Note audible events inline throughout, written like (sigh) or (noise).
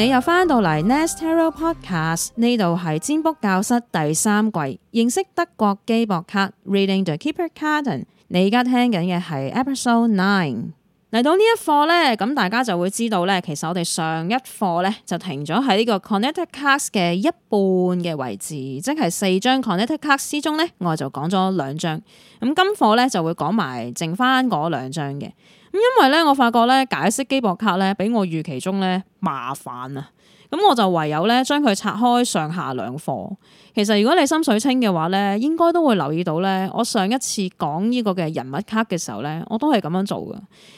你又翻到嚟 Nestaro Podcast 呢度係占卜教室第三季，認識德國機博卡 Reading the Keeper Karten。你而家聽緊嘅係 Episode Nine。嚟到呢一課呢，咁大家就會知道呢，其實我哋上一課呢就停咗喺呢個 Connector Cards 嘅一半嘅位置，即係四張 Connector Cards 之中呢，我就講咗兩張。咁今課呢就會講埋剩翻嗰兩張嘅。因為咧，我發覺咧，解釋機博卡咧，比我預期中咧麻煩啊！咁我就唯有咧，將佢拆開上下兩課。其實如果你心水清嘅話咧，應該都會留意到咧，我上一次講呢個嘅人物卡嘅時候咧，我都係咁樣做嘅。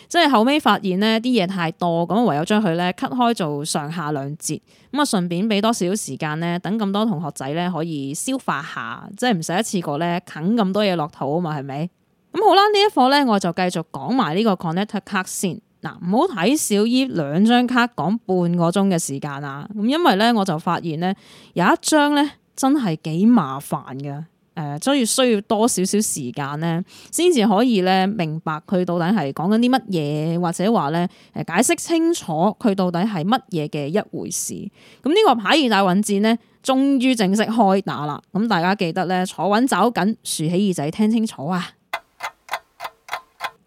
即係後尾發現呢啲嘢太多，咁唯有將佢咧 cut 開做上下兩節。咁啊，順便俾多少少時間咧，等咁多同學仔咧可以消化下，即係唔使一次過咧啃咁多嘢落肚啊嘛，係咪？咁好啦，呢一課咧，我就繼續講埋呢個 connector 卡先。嗱，唔好睇小依兩張卡講半個鐘嘅時間啊！咁因為咧，我就發現咧，有一張咧真係幾麻煩嘅，誒，所以需要多少少時間咧，先至可以咧明白佢到底係講緊啲乜嘢，或者話咧，誒，解釋清楚佢到底係乜嘢嘅一回事。咁呢個牌二大混戰咧，終於正式開打啦！咁大家記得咧，坐穩、走緊、豎起耳仔聽清楚啊！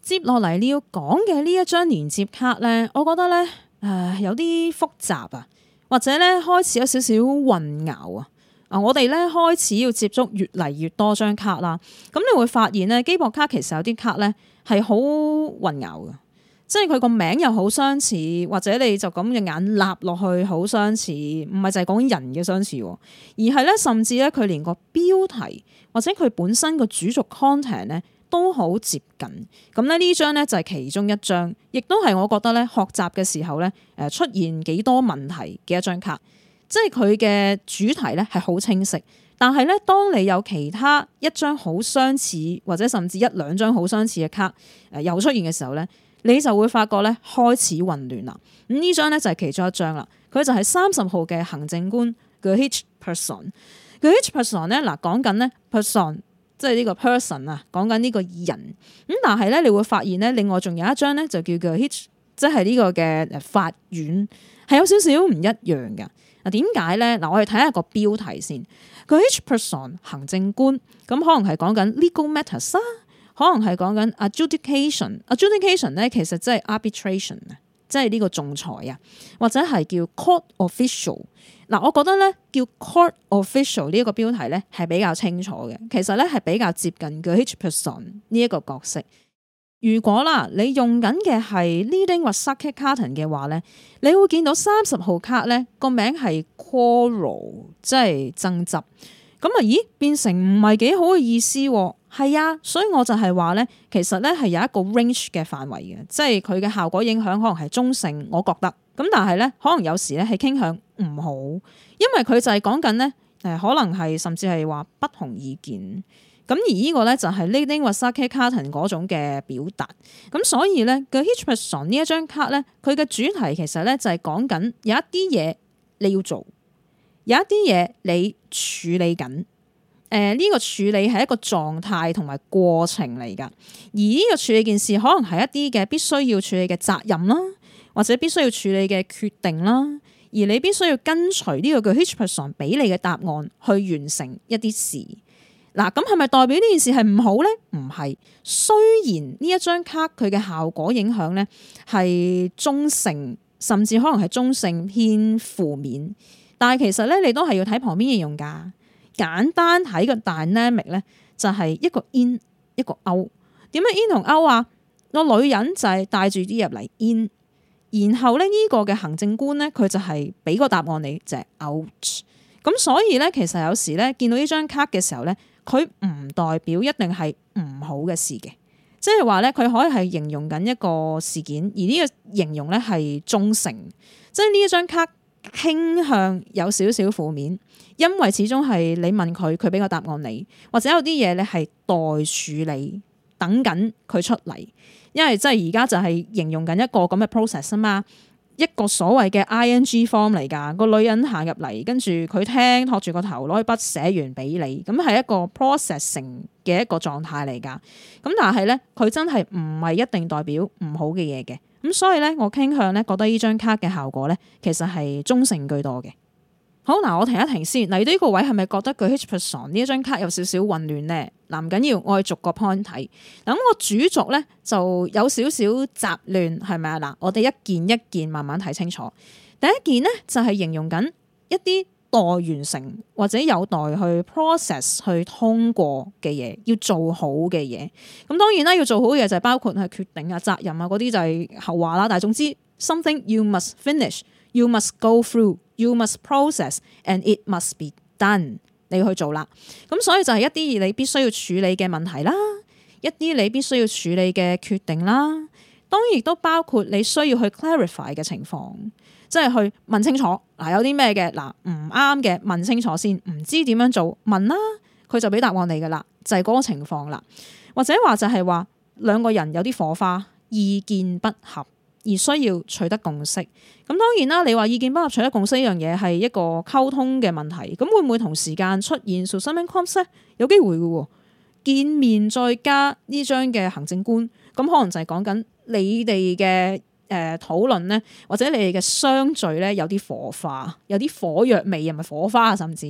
接落嚟你要講嘅呢一張連接卡咧，我覺得咧，誒、呃、有啲複雜啊，或者咧開始有少少混淆啊！啊、呃，我哋咧開始要接觸越嚟越多張卡啦，咁你會發現咧，基博卡其實有啲卡咧係好混淆嘅，即係佢個名又好相似，或者你就咁嘅眼立落去好相似，唔係就係講人嘅相似、啊，而係咧甚至咧佢連個標題或者佢本身個主軸 content 咧，都好接近，咁咧呢張咧就係其中一張，亦都係我覺得咧學習嘅時候咧，誒出現幾多問題嘅一張卡，即係佢嘅主題咧係好清晰，但係咧當你有其他一張好相似或者甚至一兩張好相似嘅卡誒又出現嘅時候咧，你就會發覺咧開始混亂啦。咁呢張咧就係其中一張啦，佢就係三十號嘅行政官嘅 each person 嘅 each person 咧嗱講緊咧 person。即係呢個 person 啊，講緊呢個人咁，但係咧你會發現咧，另外仲有一張咧就叫做 hitch，即係呢個嘅，誒法院係有少少唔一樣嘅。嗱，點解咧？嗱，我哋睇下個標題先。個 hitch person 行政官，咁，可能係講緊 legal matters 啦，可能係講緊 adjudication。adjudication 咧其實即係 arbitration 啊，即係呢個仲裁啊，或者係叫 court official。嗱，我覺得咧叫 court official 呢一個標題咧係比較清楚嘅，其實咧係比較接近嘅 each person 呢一個角色。如果啦你用緊嘅係 leading 或 sucking carton 嘅話咧，你會見到三十號卡咧個名係 quarrel，即係爭執。咁啊，咦變成唔係幾好嘅意思喎？係啊，所以我就係話咧，其實咧係有一個 range 嘅範圍嘅，即係佢嘅效果影響可能係中性，我覺得。咁但係咧，可能有時咧係傾向唔好，因為佢就係講緊咧誒，可能係甚至係話不同意見。咁而呢個咧就係 Leading Wasaki Carton 嗰種嘅表達。咁所以咧，The Hitchperson 呢一張卡咧，佢嘅主題其實咧就係講緊有一啲嘢你要做，有一啲嘢你處理緊。誒、呃、呢、這個處理係一個狀態同埋過程嚟㗎，而呢個處理件事可能係一啲嘅必須要處理嘅責任啦。或者必須要處理嘅決定啦，而你必須要跟隨呢個叫，each person 俾你嘅答案去完成一啲事。嗱，咁係咪代表呢件事係唔好咧？唔係，雖然呢一張卡佢嘅效果影響咧係中性，甚至可能係中性偏負面，但係其實咧你都係要睇旁邊應用架，簡單睇個 dynamic 咧就係一個 in 一個 out，點解 in 同 out 啊？個女人就係帶住啲入嚟 in。然後咧，呢個嘅行政官咧，佢就係俾個答案你，就係 out。咁所以咧，其實有時咧，見到呢張卡嘅時候咧，佢唔代表一定係唔好嘅事嘅，即係話咧，佢可以係形容緊一個事件，而呢個形容咧係中性。即係呢一張卡傾向有少少負面，因為始終係你問佢，佢俾個答案你，或者有啲嘢咧係待處理，等緊佢出嚟。因為真係而家就係形容緊一個咁嘅 process 啊嘛，一個所謂嘅 ing form 嚟噶，個女人行入嚟，跟住佢聽托住個頭攞起筆寫完俾你，咁係一個 processing 嘅一個狀態嚟噶，咁但係咧佢真係唔係一定代表唔好嘅嘢嘅。咁所以咧，我傾向咧覺得呢張卡嘅效果咧其實係中性居多嘅。好嗱，我停一停先。嚟到呢個位，係咪覺得佢 Hanged Person 呢一張卡有少少混亂呢？嗱，唔緊要，我係逐個 point 睇。嗱，咁個主軸呢就有少少雜亂，係咪啊？嗱，我哋一件一件慢慢睇清楚。第一件呢，就係、是、形容緊一啲待完成或者有待去 process 去通過嘅嘢，要做好嘅嘢。咁當然啦，要做好嘅嘢就係包括係決定啊、責任啊嗰啲就係後話啦。但係總之，something you must finish。You must go through, you must process, and it must be done。你要去做啦。咁所以就係一啲你必須要處理嘅問題啦，一啲你必須要處理嘅決定啦，當然亦都包括你需要去 clarify 嘅情況，即係去問清楚。嗱，有啲咩嘅嗱唔啱嘅，問清楚先，唔知點樣做，問啦，佢就俾答案你噶啦，就係嗰個情況啦。或者話就係話兩個人有啲火花，意見不合。而需要取得共識。咁當然啦。你話意見不合，取得共識呢樣嘢係一個溝通嘅問題。咁會唔會同時間出現 something comes？有機會嘅喎，見面再加呢張嘅行政官，咁可能就係講緊你哋嘅誒討論咧，或者你哋嘅相聚咧有啲火化，有啲火藥味，又唔係火花，甚至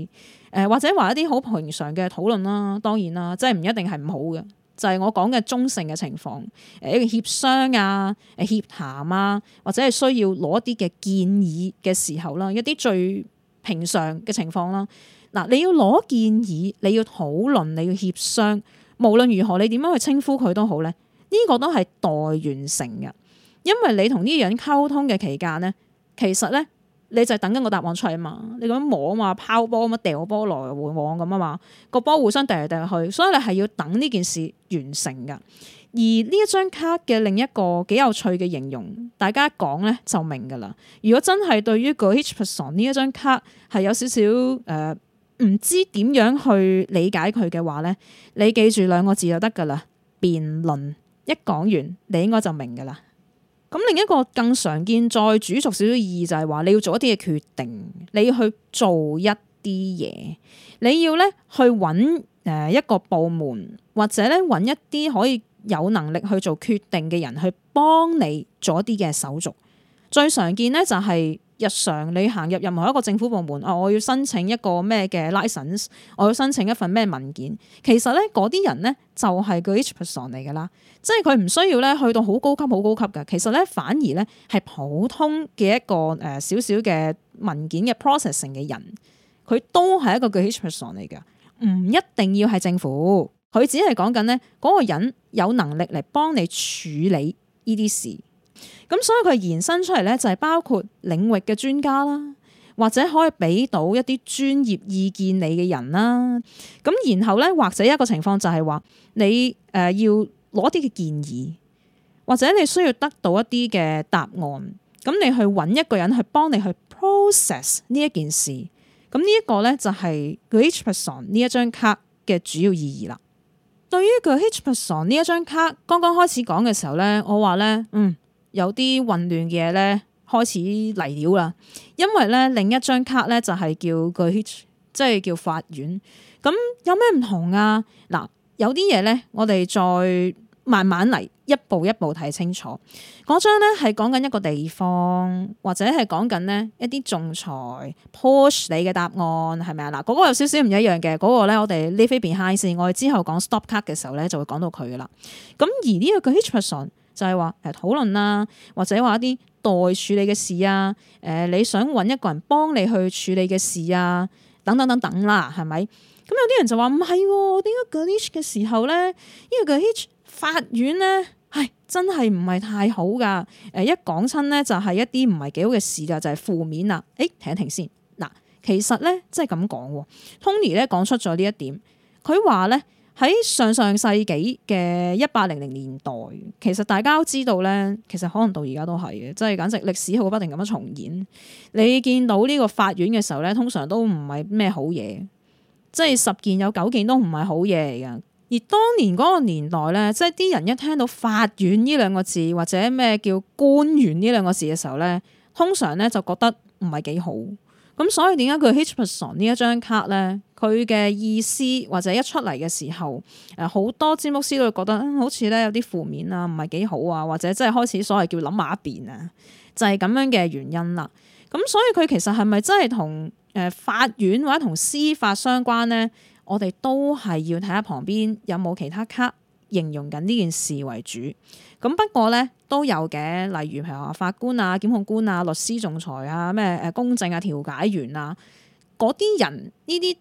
誒，或者話一啲好平常嘅討論啦，當然啦，即係唔一定係唔好嘅。就係我講嘅中性嘅情況，誒協商啊、誒協談啊，或者係需要攞一啲嘅建議嘅時候啦，一啲最平常嘅情況啦。嗱，你要攞建議，你要討論，你要協商，無論如何，你點樣去稱呼佢都好咧，呢、這個都係待完成嘅，因為你同呢樣溝通嘅期間咧，其實咧。你就等緊個答案出嚟嘛，你咁樣摸嘛，拋波嘛，掉波來回往咁啊嘛，個波互相掉嚟掉去，所以你係要等呢件事完成噶。而呢一張卡嘅另一個幾有趣嘅形容，大家一講咧就明噶啦。如果真係對於個 each person 呢一張卡係有少少誒唔知點樣去理解佢嘅話咧，你記住兩個字就得噶啦，辯論。一講完你應該就明噶啦。咁另一個更常見再煮熟少少意義就係話，你要做一啲嘅決定，你要去做一啲嘢，你要咧去揾誒一個部門或者咧揾一啲可以有能力去做決定嘅人去幫你做一啲嘅手續。最常見咧就係，是。日常你行入任何一個政府部門，啊，我要申請一個咩嘅 license，我要申請一份咩文件。其實咧，嗰啲人咧就係個 h person 嚟噶啦，即係佢唔需要咧去到好高級好高級嘅。其實咧，反而咧係普通嘅一個誒少少嘅文件嘅 processing 嘅人，佢都係一個個 h person 嚟噶，唔一定要係政府。佢只係講緊咧嗰個人有能力嚟幫你處理呢啲事。咁所以佢延伸出嚟咧，就係包括領域嘅專家啦，或者可以俾到一啲專業意見你嘅人啦。咁然後咧，或者一個情況就係話你誒、呃、要攞啲嘅建議，或者你需要得到一啲嘅答案。咁你去揾一個人去幫你去 process 呢一件事。咁、這個、呢一個咧就係、是、H Person 呢一張卡嘅主要意義啦。對於個 H Person 呢一張卡，剛剛開始講嘅時候咧，我話咧，嗯。有啲混亂嘅嘢咧，開始嚟料啦。因為咧，另一張卡咧就係叫佢，即係叫法院。咁有咩唔同啊？嗱，有啲嘢咧，我哋再慢慢嚟，一步一步睇清楚。嗰張咧係講緊一個地方，或者係講緊呢一啲仲裁 push 你嘅答案係咪啊？嗱，嗰、那個有少少唔一樣嘅，嗰、那個咧我哋 leave behind 先。我哋之後講 stop 卡嘅時候咧就會講到佢啦。咁而呢一個 hit person 就係話誒討論啦、啊，或者話一啲待處理嘅事啊，誒、呃、你想揾一個人幫你去處理嘅事啊，等等等等啦，係咪？咁、嗯、有啲人就話唔係，點解、啊、Gilead 嘅時候咧，呢、呢個 Gilead 法院咧係真係唔係太好噶？誒、呃、一講親咧就係一啲唔係幾好嘅事㗎，就係、是、負面啦。誒、欸、停一停先，嗱，其實咧即係咁講，Tony 咧講出咗呢一點，佢話咧。喺上上世紀嘅一八零零年代，其實大家都知道呢，其實可能到而家都係嘅，即係簡直歷史好不停咁樣重演。你見到呢個法院嘅時候呢，通常都唔係咩好嘢，即係十件有九件都唔係好嘢嚟㗎。而當年嗰個年代呢，即係啲人一聽到法院呢兩個字，或者咩叫官員呢兩個字嘅時候呢，通常呢就覺得唔係幾好。咁所以點解佢 Heperson 呢一張卡咧，佢嘅意思或者一出嚟嘅時候，誒好多占卜師都會覺得，嗯，好似咧有啲負面啊，唔係幾好啊，或者即係開始所謂叫諗下一邊啊，就係咁樣嘅原因啦。咁所以佢其實係咪真係同誒法院或者同司法相關咧？我哋都係要睇下旁邊有冇其他卡形容緊呢件事為主。咁不過咧。都有嘅，例如譬如話法官啊、檢控官啊、律師、仲裁啊、咩誒公證啊、調解員啊，嗰啲人呢啲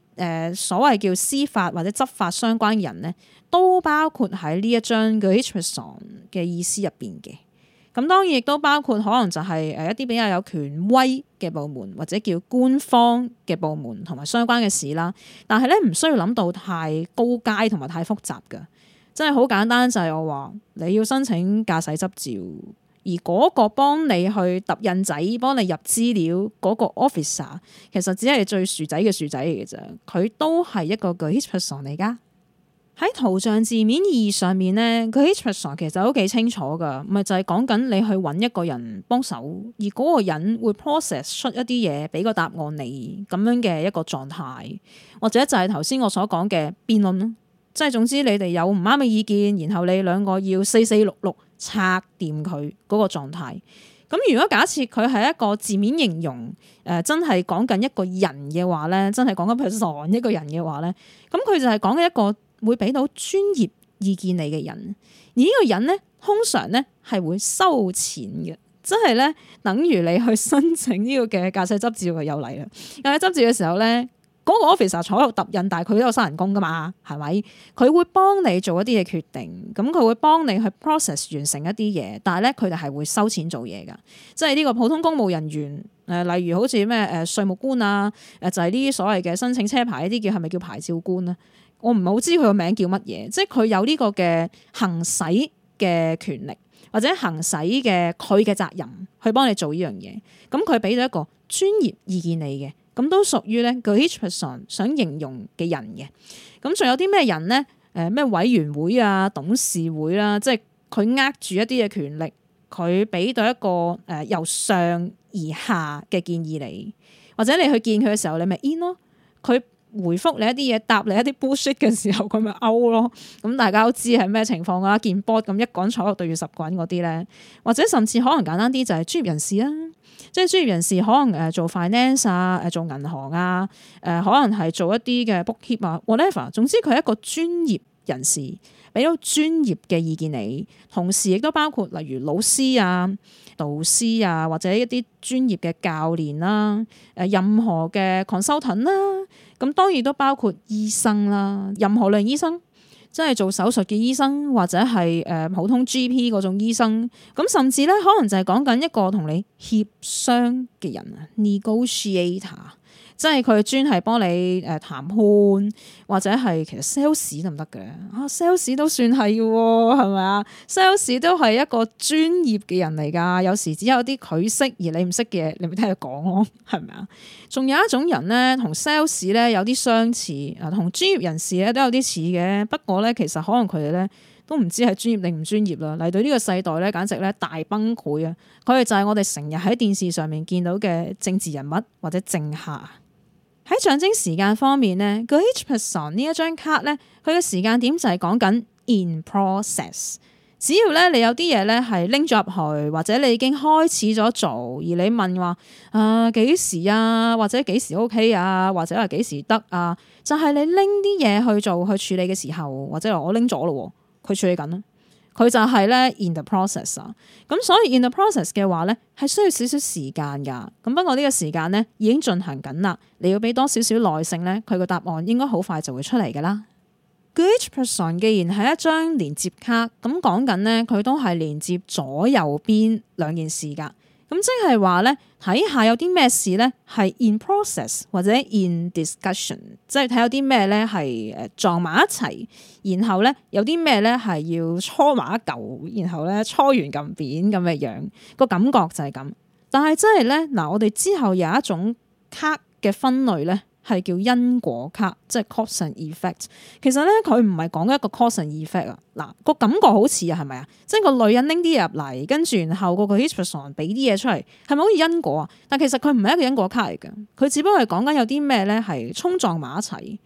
誒所謂叫司法或者執法相關嘅人咧，都包括喺呢一章嘅 Hanson 嘅意思入邊嘅。咁當然亦都包括可能就係誒一啲比較有權威嘅部門或者叫官方嘅部門同埋相關嘅事啦。但係咧唔需要諗到太高階同埋太複雜噶。真係好簡單，就係、是、我話你要申請駕駛執照，而嗰個幫你去揼印仔、幫你入資料嗰、那個 officer，其實只係最薯仔嘅薯仔嚟嘅啫。佢都係一個個 helper 嚟噶。喺圖像字面意義上面呢，個 helper 其實都幾清楚噶，咪就係講緊你去揾一個人幫手，而嗰個人會 process 出一啲嘢，俾個答案你咁樣嘅一個狀態，或者就係頭先我所講嘅辯論咯。即係總之，你哋有唔啱嘅意見，然後你兩個要四四六六拆掂佢嗰個狀態。咁如果假設佢係一個字面形容，誒、呃、真係講緊一個人嘅話咧，真係講緊譬如一個人嘅話咧，咁佢就係講緊一個會俾到專業意見你嘅人，而呢個人咧通常咧係會收錢嘅，即係咧等於你去申請呢個嘅駕駛執照佢又嚟啦。駕駛執照嘅時候咧。嗰個 office 啊，坐喺度揼印，但係佢都有收人工噶嘛，係咪？佢會幫你做一啲嘅決定，咁佢會幫你去 process 完成一啲嘢，但係咧，佢哋係會收錢做嘢噶。即係呢個普通公務人員，誒、呃，例如好似咩誒稅務官啊，誒、呃、就係、呢、啲所謂嘅申請車牌呢啲叫係咪叫牌照官啊？我唔係好知佢個名叫乜嘢，即係佢有呢個嘅行使嘅權力，或者行使嘅佢嘅責任去幫你做呢樣嘢，咁佢俾咗一個專業意見你嘅。咁都屬於咧個 each person 想形容嘅人嘅，咁仲有啲咩人咧？誒、呃、咩委員會啊、董事會啦、啊，即係佢握住一啲嘅權力，佢俾到一個誒、呃、由上而下嘅建議你，或者你去見佢嘅時候，你咪 in 咯，佢。回覆你一啲嘢，答你一啲 bullshit 嘅時候咁咪勾咯。咁大家都知係咩情況啊？見 board 咁一個人坐對住十個人嗰啲咧，或者甚至可能簡單啲就係專業人士啦，即係專業人士可能誒做 finance 啊，誒做銀行啊，誒可能係做一啲嘅 bookkeep 啊，whatever。總之佢係一個專業人士俾到專業嘅意見你，同時亦都包括例如老師啊、導師啊，或者一啲專業嘅教練啦，誒任何嘅 consultant 啦。咁當然都包括醫生啦，任何類醫生，即係做手術嘅醫生，或者係誒普通 GP 嗰種醫生。咁甚至咧，可能就係講緊一個同你協商嘅人啊，negotiator。Neg 即係佢專係幫你誒談判，或者係其實 sales 都唔得嘅啊？sales 都算係嘅喎，係咪啊？sales 都係一個專業嘅人嚟㗎，有時只有啲佢識而你唔識嘅嘢，你咪聽佢講咯，係咪啊？仲有一種人咧，同 sales 咧有啲相似啊，同、呃、專業人士咧都有啲似嘅，不過咧其實可能佢哋咧都唔知係專業定唔專業啦。嚟到呢個世代咧，簡直咧大崩潰啊！佢哋就係我哋成日喺電視上面見到嘅政治人物或者政客。喺象徵時間方面咧，個 each person 呢一張卡咧，佢嘅時間點就係講緊 in process。只要咧你有啲嘢咧係拎咗入去，或者你已經開始咗做，而你問話啊幾時啊，或者幾時 OK 啊，或者係幾時得啊，就係你拎啲嘢去做去處理嘅時候，或者我拎咗咯，佢處理緊啦。佢就係咧 in the process 啊，咁所以 in the process 嘅話咧，係需要少少時間噶。咁不過呢個時間咧已經進行緊啦，你要俾多少少耐性咧，佢個答案應該好快就會出嚟㗎啦。Each person 既然係一張連接卡，咁講緊咧，佢都係連接左右邊兩件事噶。咁即係話咧，睇下有啲咩事咧，係 in process 或者 in discussion，即係睇有啲咩咧係誒撞埋一齊，然後咧有啲咩咧係要搓埋一嚿，然後咧搓完咁扁咁嘅樣,樣，個感覺就係咁。但係真係咧，嗱我哋之後有一種卡嘅分類咧。係叫因果卡，即係 causation effect。其實咧，佢唔係講緊一個 causation effect 啊。嗱，個感覺好似啊，係咪啊？即係個女人拎啲嘢入嚟，跟住然後個個 historian 俾啲嘢出嚟，係咪好似因果啊？但其實佢唔係一個因果卡嚟嘅，佢只不過係講緊有啲咩咧係衝撞埋一齊，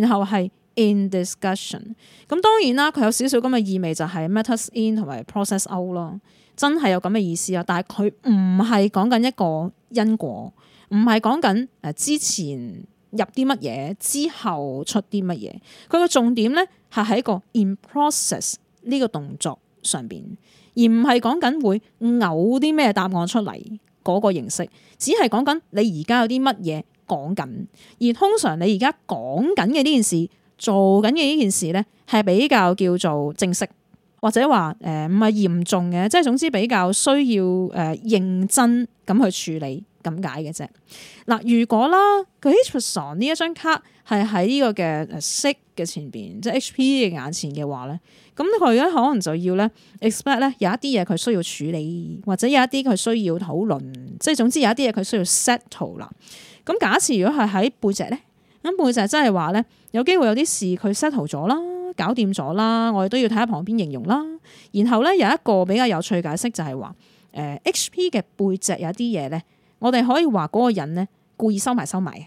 然後係 in discussion。咁當然啦，佢有少少咁嘅意味，就係 matter in 同埋 process out 咯。真係有咁嘅意思啊！但係佢唔係講緊一個因果，唔係講緊誒之前。入啲乜嘢之後出啲乜嘢？佢個重點呢，係喺個 in process 呢個動作上邊，而唔係講緊會嘔啲咩答案出嚟嗰個形式，只係講緊你而家有啲乜嘢講緊，而通常你而家講緊嘅呢件事，做緊嘅呢件事呢，係比較叫做正式。或者話誒唔係嚴重嘅，即係總之比較需要誒、呃、認真咁去處理咁解嘅啫。嗱、呃，如果啦佢 Hanson 呢一張卡係喺呢個嘅誒嘅前邊，即係 HP 嘅眼前嘅話咧，咁佢而家可能就要咧 expect 咧有一啲嘢佢需要處理，或者有一啲佢需要討論，即係總之有一啲嘢佢需要 settle 啦。咁假設如果係喺背脊咧，咁背脊真係話咧有機會有啲事佢 settle 咗啦。搞掂咗啦，我哋都要睇下旁邊形容啦。然後咧有一個比較有趣解釋就係話，誒、呃、HP 嘅背脊有啲嘢咧，我哋可以話嗰個人咧故意收埋收埋，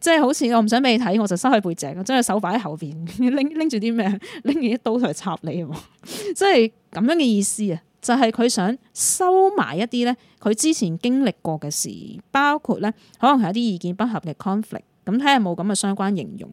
即係好似我唔想俾你睇，我就收喺背脊，我將個手放喺後邊，拎拎住啲咩，拎住刀嚟插你， (laughs) 即係咁樣嘅意思啊！就係、是、佢想收埋一啲咧，佢之前經歷過嘅事，包括咧可能係一啲意見不合嘅 conflict，咁睇下冇咁嘅相關形容。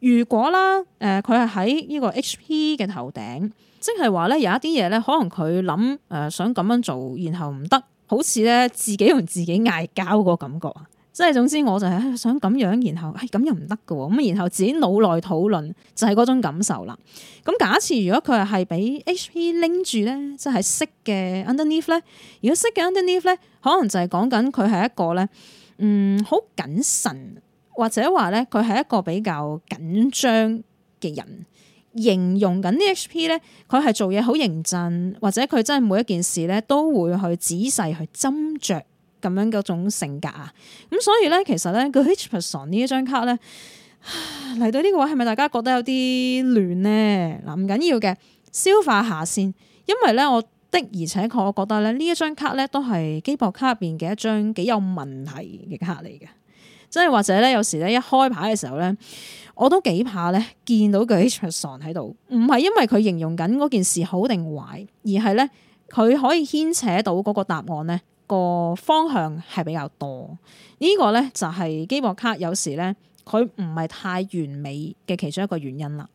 如果啦，誒佢係喺呢個 H.P. 嘅頭頂，即係話咧有一啲嘢咧，可能佢諗誒想咁樣做，然後唔得，好似咧自己同自己嗌交個感覺啊！即係總之，我就係想咁樣，然後誒咁又唔得嘅喎，咁然後自己腦內討論就係嗰種感受啦。咁假設如果佢係係俾 H.P. 拎住咧，即係識嘅 underneath 咧，如果識嘅 underneath 咧，可能就係講緊佢係一個咧，嗯，好謹慎。或者話咧，佢係一個比較緊張嘅人，形容緊啲 HP 咧，佢係做嘢好認真，或者佢真係每一件事咧都會去仔細去斟酌咁樣嗰種性格啊。咁所以咧，其實咧個 Hipperson 呢一張卡咧嚟到呢個位，係咪大家覺得有啲亂呢？嗱，唔緊要嘅，消化下先。因為咧，我的而且確，我覺得咧呢一張卡咧都係機博卡入邊嘅一張幾有問題嘅卡嚟嘅。即係或者咧，有時咧一開牌嘅時候咧，我都幾怕咧見到佢 h a n 喺度，唔係因為佢形容緊嗰件事好定壞，而係咧佢可以牽扯到嗰個答案咧個方向係比較多。呢個咧就係機博卡有時咧佢唔係太完美嘅其中一個原因啦。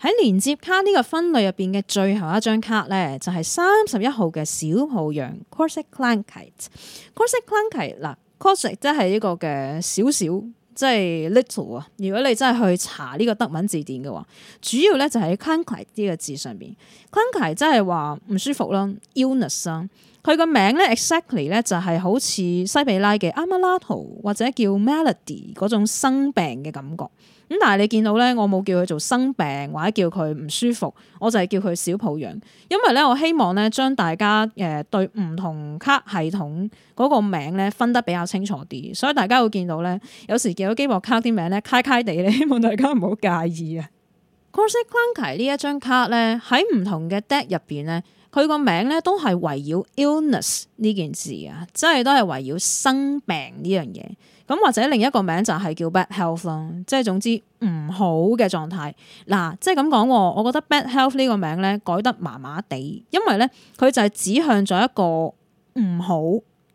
喺連接卡呢個分類入邊嘅最後一張卡咧，就係三十一號嘅小號羊 Kurze Krankheit。Kurze Krankheit 嗱。concept 即係呢個嘅少少，即係 little 啊！如果你真係去查呢個德文字典嘅話，主要咧就喺 concrete 呢個字上邊。concrete 即係話唔舒服啦，illness 啊，佢個名咧 exactly 咧就係好似西比拉嘅 Amalato，或者叫 melody 嗰種生病嘅感覺。咁但係你見到咧，我冇叫佢做生病或者叫佢唔舒服，我就係叫佢小抱養，因為咧我希望咧將大家誒對唔同卡系統嗰個名咧分得比較清楚啲，所以大家會見到咧，有時見到機博卡啲名咧，揩揩地咧，希望大家唔好介意啊。Consequently 呢一張卡咧喺唔同嘅 deck 入邊咧，佢個名咧都係圍繞 illness 呢件事啊，即係都係圍繞生病呢樣嘢。咁或者另一個名就係叫 bad health 咯，即係總之唔好嘅狀態。嗱，即係咁講，我覺得 bad health 呢個名咧改得麻麻地，因為咧佢就係指向咗一個唔好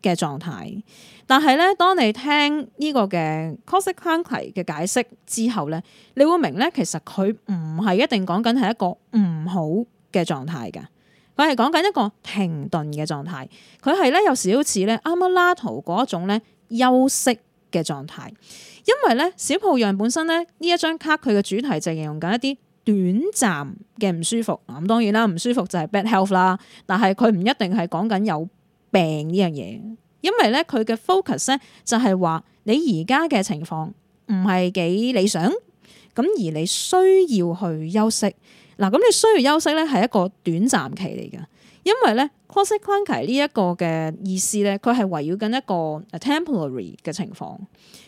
嘅狀態。但係咧，當你聽呢個嘅 consequence 嘅解釋之後咧，你會明咧其實佢唔係一定講緊係一個唔好嘅狀態嘅，佢係講緊一個停頓嘅狀態。佢係咧有時好似咧啱啱拉圖嗰種咧休息嘅狀態，因為咧小抱樣本身咧呢一張卡佢嘅主題就係形容緊一啲短暫嘅唔舒服。咁當然啦，唔舒服就係 bad health 啦，但係佢唔一定係講緊有病呢樣嘢。因為咧佢嘅 focus 咧就係話你而家嘅情況唔係幾理想，咁而你需要去休息嗱。咁你需要休息咧係一個短暫期嚟嘅。因為咧 consequential 呢一個嘅意思咧，佢係圍繞緊一個 temporary 嘅情況，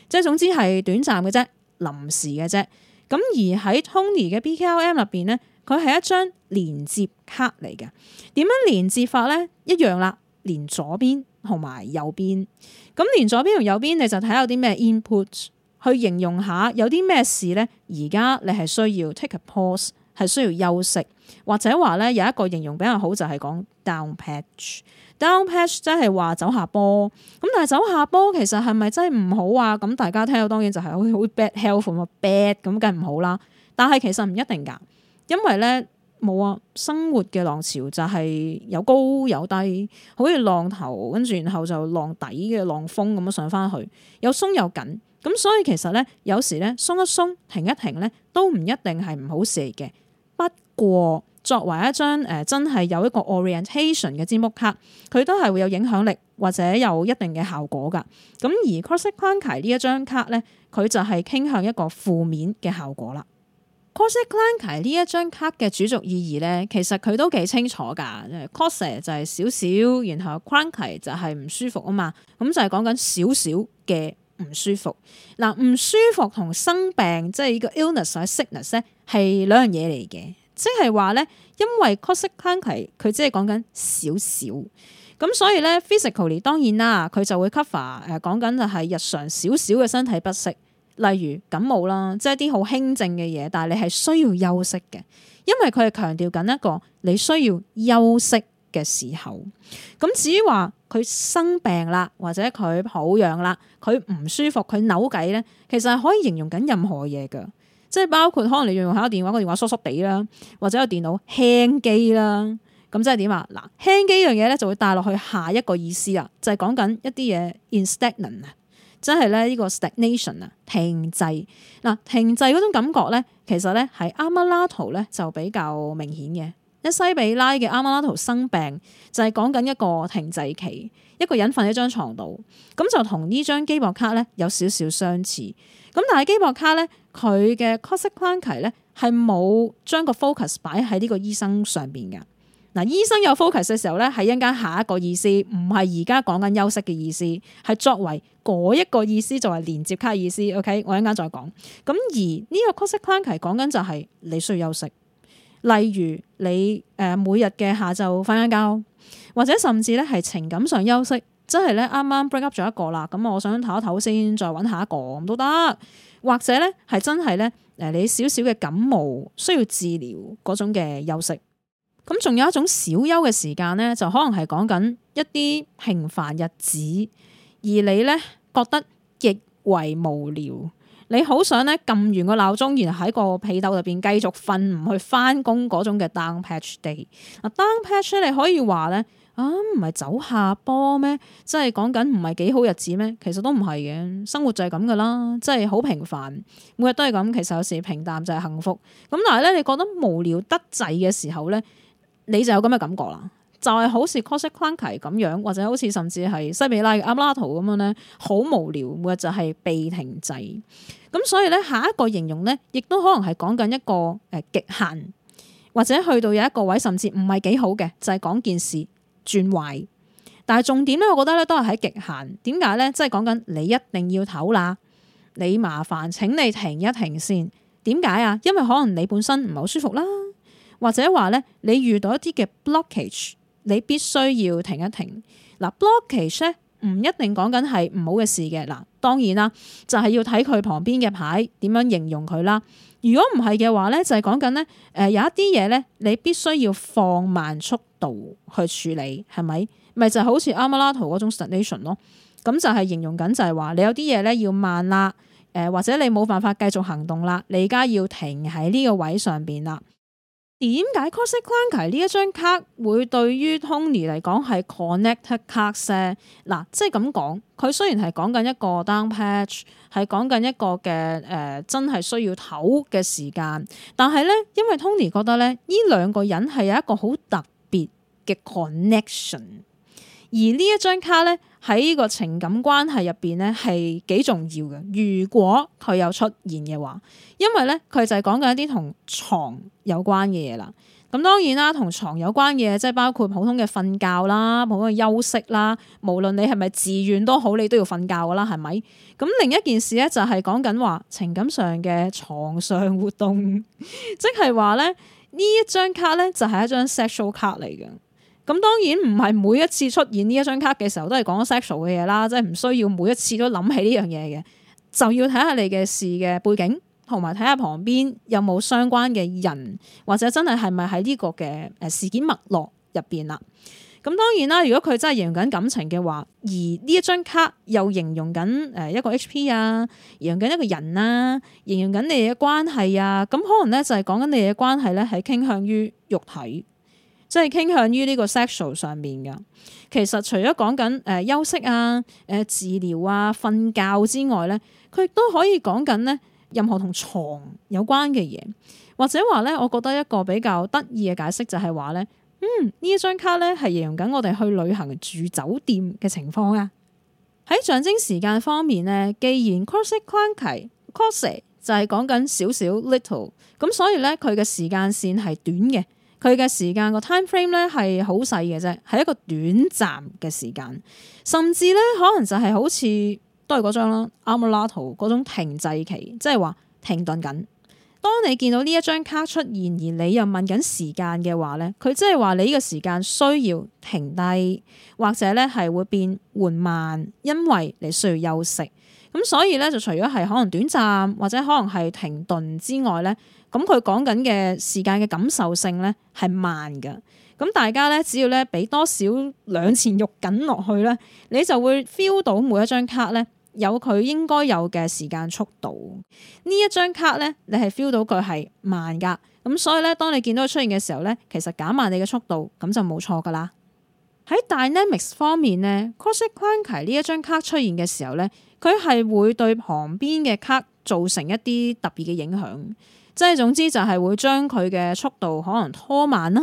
即係總之係短暫嘅啫，臨時嘅啫。咁而喺 Tony 嘅 BKLM 入邊咧，佢係一張連接卡嚟嘅。點樣連接法咧？一樣啦，連左邊同埋右邊。咁連左邊同右邊，你就睇下有啲咩 input 去形容下有啲咩事咧。而家你係需要 take a pause，係需要休息。或者話咧，有一個形容比較好就係講 down patch，down patch 即係話走下坡，咁但係走下坡其實係咪真係唔好啊？咁大家聽到，當然就係好，好 bad health，bad 咁梗係唔好啦。但係其實唔一定噶，因為咧冇啊，生活嘅浪潮就係有高有低，好似浪頭，跟住然後就浪底嘅浪峰咁樣上翻去，又鬆又緊，咁所以其實咧有時咧鬆一鬆，停一停咧都唔一定係唔好事嘅。過作為一張誒、呃、真係有一個 orientation 嘅簽木卡，佢都係會有影響力或者有一定嘅效果㗎。咁而 crossing cranky 呢一張卡咧，佢就係傾向一個負面嘅效果啦。crossing cranky 呢一張卡嘅主族意義咧，其實佢都幾清楚㗎。crossing 就係少少，然後 cranky 就係唔舒服啊嘛。咁就係講緊少少嘅唔舒服嗱，唔、呃、舒服同生病即係呢個 illness 或者 sickness 咧係兩樣嘢嚟嘅。即係話咧，因為 consequence 佢只係講緊少少，咁所以咧 physically 當然啦，佢就會 cover 誒講緊就係日常少少嘅身體不適，例如感冒啦，即係啲好輕症嘅嘢，但係你係需要休息嘅，因為佢係強調緊一個你需要休息嘅時候。咁至於話佢生病啦，或者佢好養啦，佢唔舒服，佢扭計咧，其實係可以形容緊任何嘢㗎。即係包括可能你用用下個電話，個電話疏疏地啦，或者個電腦輕機啦，咁即係點啊？嗱，輕機呢樣嘢咧就會帶落去下一個意思啊，就係講緊一啲嘢 instagnant 即係咧呢個 stagnation 啊停滯，嗱停滯嗰種感覺咧，其實咧係啱啱拉圖咧就比較明顯嘅。一西比拉嘅啱啱拉圖生病，就係講緊一個停滯期，一個人瞓喺張床度，咁就同呢張基博卡咧有少少相似。咁但係基博卡咧，佢嘅 consequence 咧係冇將個 focus 擺喺呢個醫生上邊嘅。嗱，醫生有 focus 嘅時候咧，係一陣間下一個意思，唔係而家講緊休息嘅意思，係作為嗰一個意思，作為連接卡意思。OK，我一陣間再講。咁而呢個 consequence 講緊就係你需要休息。例如你誒每日嘅下晝瞓一覺，或者甚至咧係情感上休息，即係咧啱啱 break up 咗一個啦，咁我想唞一唞先，再揾下一個咁都得，或者咧係真係咧誒你少少嘅感冒需要治療嗰種嘅休息，咁仲有一種小休嘅時間咧，就可能係講緊一啲平凡日子，而你咧覺得極為無聊。你好想咧撳完個鬧鐘，然後喺個被竇入邊繼續瞓唔去翻工嗰種嘅 down patch day 啊，down patch 你可以話咧啊，唔係走下坡咩？即係講緊唔係幾好日子咩？其實都唔係嘅，生活就係咁噶啦，即係好平凡，每日都係咁。其實有時平淡就係幸福。咁但係咧，你覺得無聊得滯嘅時候咧，你就有咁嘅感覺啦。就係好似《cosmic monkey》咁樣，或者好似甚至係《西比拉阿布拉圖》咁樣呢，好無聊，每日就係、是、被停滯咁。所以呢，下一個形容呢，亦都可能係講緊一個誒極限，或者去到有一個位，甚至唔係幾好嘅，就係、是、講件事轉壞。但係重點呢，我覺得呢都係喺極限。點解呢？即係講緊你一定要唞啦，你麻煩請你停一停先。點解啊？因為可能你本身唔係好舒服啦，或者話呢，你遇到一啲嘅 blockage。你必須要停一停。嗱，blockage 咧，唔一定講緊係唔好嘅事嘅。嗱，當然啦，就係、是、要睇佢旁邊嘅牌點樣形容佢啦。如果唔係嘅話咧，就係講緊咧，誒有一啲嘢咧，你必須要放慢速度去處理，係咪？咪就是、好似阿馬拉圖嗰種 situation 咯。咁就係形容緊就係話，你有啲嘢咧要慢啦，誒或者你冇辦法繼續行動啦，你而家要停喺呢個位上邊啦。點解 Classic Clanki 呢、er、一張卡會對於 Tony 嚟講係 connect 卡嘅？嗱，即係咁講，佢雖然係講緊一個 down patch，係講緊一個嘅誒、呃，真係需要唞嘅時間。但係呢，因為 Tony 覺得咧，呢兩個人係有一個好特別嘅 connection。而呢一張卡咧，喺呢個情感關係入邊咧，係幾重要嘅。如果佢有出現嘅話，因為咧佢就係講緊一啲同床有關嘅嘢啦。咁當然啦，同床有關嘅嘢即係包括普通嘅瞓覺啦，普通嘅休息啦。無論你係咪自願都好，你都要瞓覺噶啦，係咪？咁另一件事咧，就係講緊話情感上嘅床上活動，即係話咧，呢一張卡咧就係一張 sexual 卡嚟嘅。咁當然唔係每一次出現呢一張卡嘅時候都係講 sexual 嘅嘢啦，即係唔需要每一次都諗起呢樣嘢嘅，就要睇下你嘅事嘅背景，同埋睇下旁邊有冇相關嘅人，或者真係係咪喺呢個嘅誒事件脈絡入邊啦。咁當然啦，如果佢真係形容緊感情嘅話，而呢一張卡又形容緊誒一個 HP 啊，形容緊一個人啊，形容緊你嘅關係啊，咁可能咧就係講緊你嘅關係咧係傾向於肉體。即係傾向於呢個 sexual 上面嘅，其實除咗講緊誒休息啊、誒、呃、治療啊、瞓、呃、覺之外咧，佢亦都可以講緊咧任何同床有關嘅嘢，或者話咧，我覺得一個比較得意嘅解釋就係話咧，嗯呢張卡咧係形容緊我哋去旅行住酒店嘅情況啊。喺象徵時間方面咧，既然 crossing，conquer，cosy 就係講緊少少 little，咁所以咧佢嘅時間線係短嘅。佢嘅時間個 time frame 咧係好細嘅啫，係一個短暫嘅時間，甚至咧可能就係好似都係嗰張啦，阿姆拉圖嗰種停滯期，即係話停頓緊。當你見到呢一張卡出現而你又問緊時間嘅話咧，佢即係話你呢個時間需要停低或者咧係會變緩慢，因為你需要休息。咁所以咧就除咗係可能短暫或者可能係停頓之外咧，咁佢講緊嘅時間嘅感受性咧係慢㗎。咁大家咧只要咧俾多少兩錢肉緊落去咧，你就會 feel 到每一張卡咧，有佢應該有嘅時間速度，呢一張卡咧，你係 feel 到佢係慢噶，咁所以咧，當你見到佢出現嘅時候咧，其實減慢你嘅速度，咁就冇錯噶啦。喺 dynamics 方面咧，crossing 關卡呢一張卡出現嘅時候咧，佢係會對旁邊嘅卡造成一啲特別嘅影響，即係總之就係會將佢嘅速度可能拖慢啦，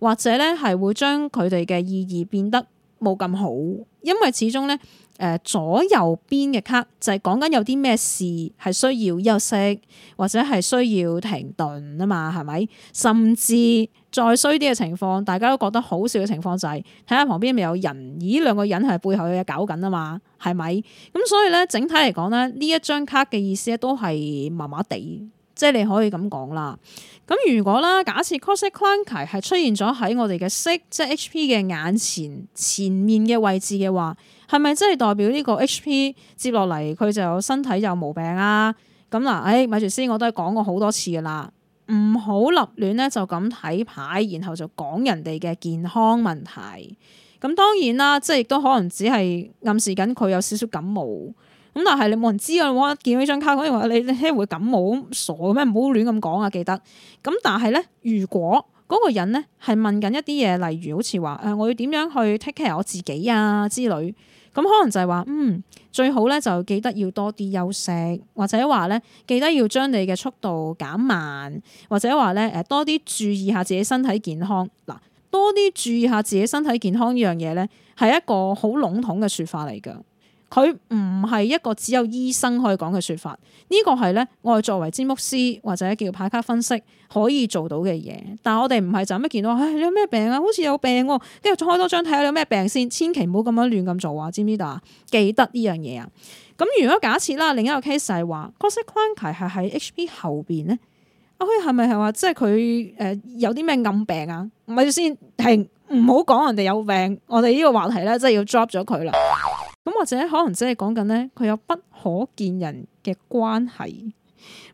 或者咧係會將佢哋嘅意義變得冇咁好，因為始終咧。誒左右邊嘅卡就係講緊有啲咩事係需要休息或者係需要停頓啊嘛，係咪？甚至再衰啲嘅情況，大家都覺得好笑嘅情況就係睇下旁邊咪有人，咦兩個人係背後嘅嘢搞緊啊嘛，係咪？咁所以咧，整體嚟講咧，呢一張卡嘅意思咧都係麻麻地，即係你可以咁講啦。咁如果啦，假設 Crossing Clank 牌係出現咗喺我哋嘅色，即係 HP 嘅眼前前面嘅位置嘅話，係咪真係代表呢個 H.P. 接落嚟佢就有身體有毛病啊？咁嗱，誒、哎，咪住先，我都係講過好多次噶啦，唔好立亂咧就咁睇牌，然後就講人哋嘅健康問題。咁當然啦，即係亦都可能只係暗示緊佢有少少感冒。咁但係你冇人知嘅話，見到呢張卡，我哋話你你會感冒傻嘅咩？唔好亂咁講啊！記得。咁但係咧，如果嗰個人咧係問緊一啲嘢，例如好似話誒，我要點樣去 take care 我自己啊之類。咁可能就係話，嗯，最好咧就記得要多啲休息，或者話咧記得要將你嘅速度減慢，或者話咧誒多啲注意下自己身體健康。嗱，多啲注意下自己身體健康呢樣嘢咧，係一個好籠統嘅説法嚟㗎。佢唔係一個只有醫生可以講嘅說法，呢、這個係咧我哋作為占卜師或者叫牌卡分析可以做到嘅嘢。但係我哋唔係就咁一見到，唉、哎，你有咩病啊？好似有病、啊，跟住開多張睇下你有咩病先、啊。千祈唔好咁樣亂咁做啊！知唔知啊？記得呢樣嘢啊！咁如果假設啦，另一個 case 係話角色關係係喺 HP 後邊咧，啊，佢係咪係話即係佢誒有啲咩暗病啊？唔係先停，唔好講人哋有病。我哋呢個話題咧，真係要 drop 咗佢啦。咁或者可能即係講緊咧，佢有不可見人嘅關係，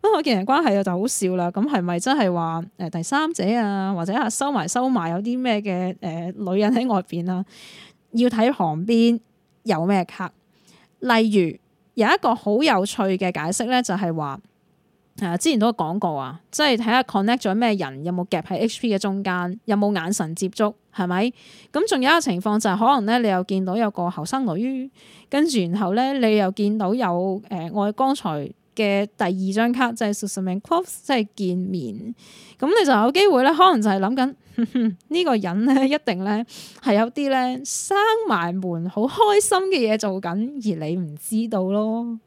不可見人關係就好笑啦。咁係咪真係話誒第三者啊，或者啊收埋收埋有啲咩嘅誒女人喺外邊啊？要睇旁邊有咩卡。例如有一個好有趣嘅解釋咧，就係話。係啊，之前都講過啊，即係睇下 connect 咗咩人，有冇夾喺 HP 嘅中間，有冇眼神接觸，係咪？咁仲有一個情況就係、是、可能咧，你又見到有個後生女，跟住然後咧，你又見到有誒、呃，我剛才嘅第二張卡即係、就是、something cross，即係見面，咁你就有機會咧，可能就係諗緊呢個人咧，一定咧係有啲咧閂埋門好開心嘅嘢做緊，而你唔知道咯。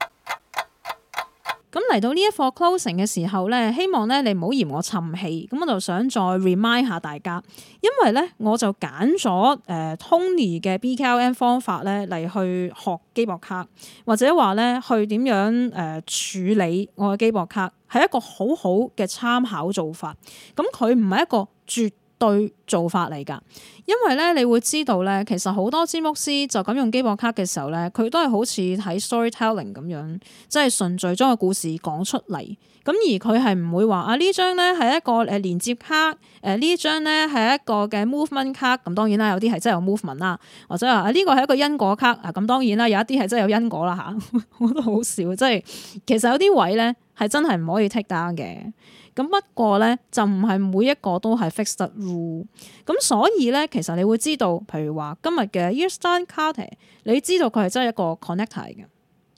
咁嚟到呢一課 closing 嘅時候咧，希望咧你唔好嫌我沉氣，咁我就想再 remind 下大家，因為咧我就揀咗誒 Tony 嘅 BKLN 方法咧嚟去學機博卡，或者話咧去點樣誒處理我嘅機博卡，係一個好好嘅參考做法。咁佢唔係一個絕。對做法嚟噶，因為咧你會知道咧，其實好多占卜師就咁用機博卡嘅時候咧，佢都係好似睇 storytelling 咁樣，即係順序將個故事講出嚟。咁而佢係唔會話啊，呢張咧係一個誒連接卡，誒呢張咧係一個嘅 movement 卡。咁當然啦，有啲係真係有 movement 啦，或者話啊，呢個係一個因果卡。咁當然啦，有一啲係真係有因果啦吓。 (laughs) 我都好少，即係其實有啲位咧係真係唔可以剔 down 嘅。咁不過咧，就唔係每一個都係 fixed rule。咁所以咧，其實你會知道，譬如話今日嘅 eastern county，你知道佢係真係一個 connector 嘅，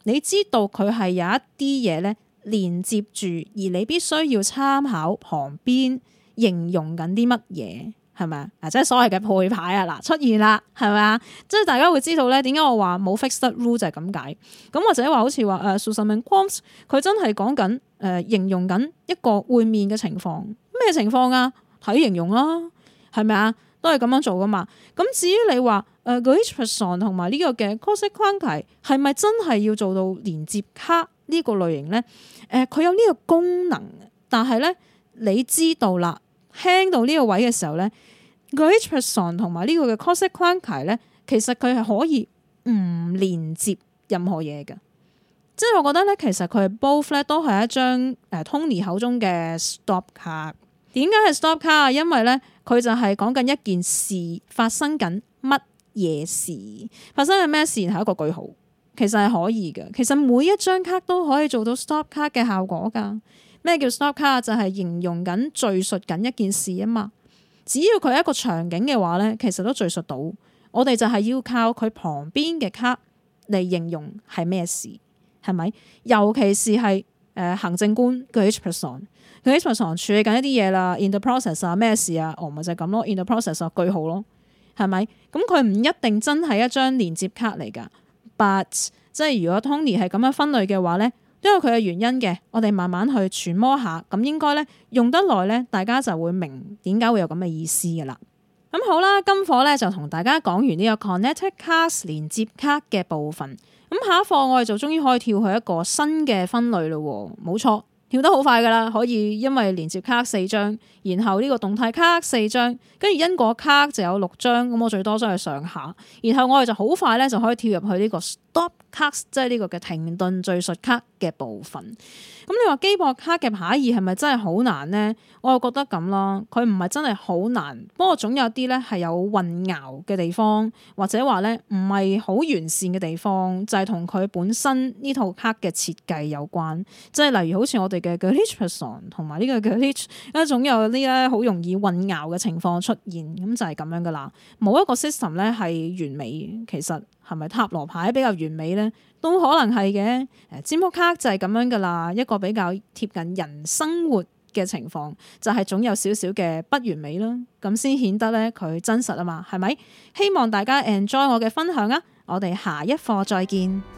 你知道佢係有一啲嘢咧連接住，而你必須要參考旁邊形容緊啲乜嘢。係咪啊？即係所謂嘅配牌啊！嗱，出現啦，係咪啊？即係大家會知道咧，點解我話冇 fixed rule 就係咁解。咁或者話好似話誒，Susan Quans 佢真係講緊誒，形容緊一個會面嘅情況，咩情況啊？睇形容啦，係咪啊？都係咁樣做噶嘛。咁至於你話誒，the result 同埋呢個嘅 consequence 係咪真係要做到連接卡呢個類型咧？誒、呃，佢有呢個功能，但係咧，你知道啦。.輕到呢個位嘅時候咧 Richerson 同埋呢個嘅 Consequence 咧，ai，其實佢係可以唔連接任何嘢嘅。即係我覺得咧，其實佢係 both 咧，都係一張誒 Tony 口中嘅 Stop 卡。點解係 Stop 卡啊？因為咧，佢就係講緊一件事發生緊乜嘢事，發生緊咩事，然後一個句號。其實係可以嘅。其實每一張卡都可以做到 Stop 卡嘅效果噶。咩叫 stop 卡啊？就係形容緊敘述緊一件事啊嘛。只要佢係一個場景嘅話咧，其實都敘述到。我哋就係要靠佢旁邊嘅卡嚟形容係咩事，係咪？尤其是係誒、呃、行政官，嗰 H. person，嗰啲 person 處理緊一啲嘢啦。In the process 啊，咩事啊？哦，咪就係咁咯。In the process 啊，句號咯，係咪？咁佢唔一定真係一張連接卡嚟噶。But 即係如果 Tony 係咁樣分類嘅話咧。因為佢嘅原因嘅，我哋慢慢去揣摩下，咁應該呢，用得耐呢，大家就會明點解會有咁嘅意思噶啦。咁、嗯、好啦，今課呢就同大家講完呢個 connect cast 連接卡嘅部分。咁、嗯、下一課我哋就終於可以跳去一個新嘅分類咯、哦。冇錯，跳得好快噶啦，可以因為連接卡四張，然後呢個動態卡四張，跟住因果卡就有六張，咁我最多都係上下。然後我哋就好快呢就可以跳入去呢、這個。Stop Cut 即係呢個嘅停頓敘述卡嘅部分。咁、嗯、你話機博卡嘅牌義係咪真係好難呢？我又覺得咁啦，佢唔係真係好難，不過總有啲咧係有混淆嘅地方，或者話咧唔係好完善嘅地方，就係同佢本身呢套卡嘅設計有關。即係例如好似我哋嘅 glitch person 同埋呢個 glitch，啊總有啲咧好容易混淆嘅情況出現，咁就係咁樣噶啦。冇一個 system 咧係完美，其實。係咪塔羅牌比較完美呢？都可能係嘅。誒，占卜卡就係咁樣噶啦，一個比較貼近人生活嘅情況，就係、是、總有少少嘅不完美咯。咁先顯得呢，佢真實啊嘛，係咪？希望大家 enjoy 我嘅分享啊！我哋下一課再見。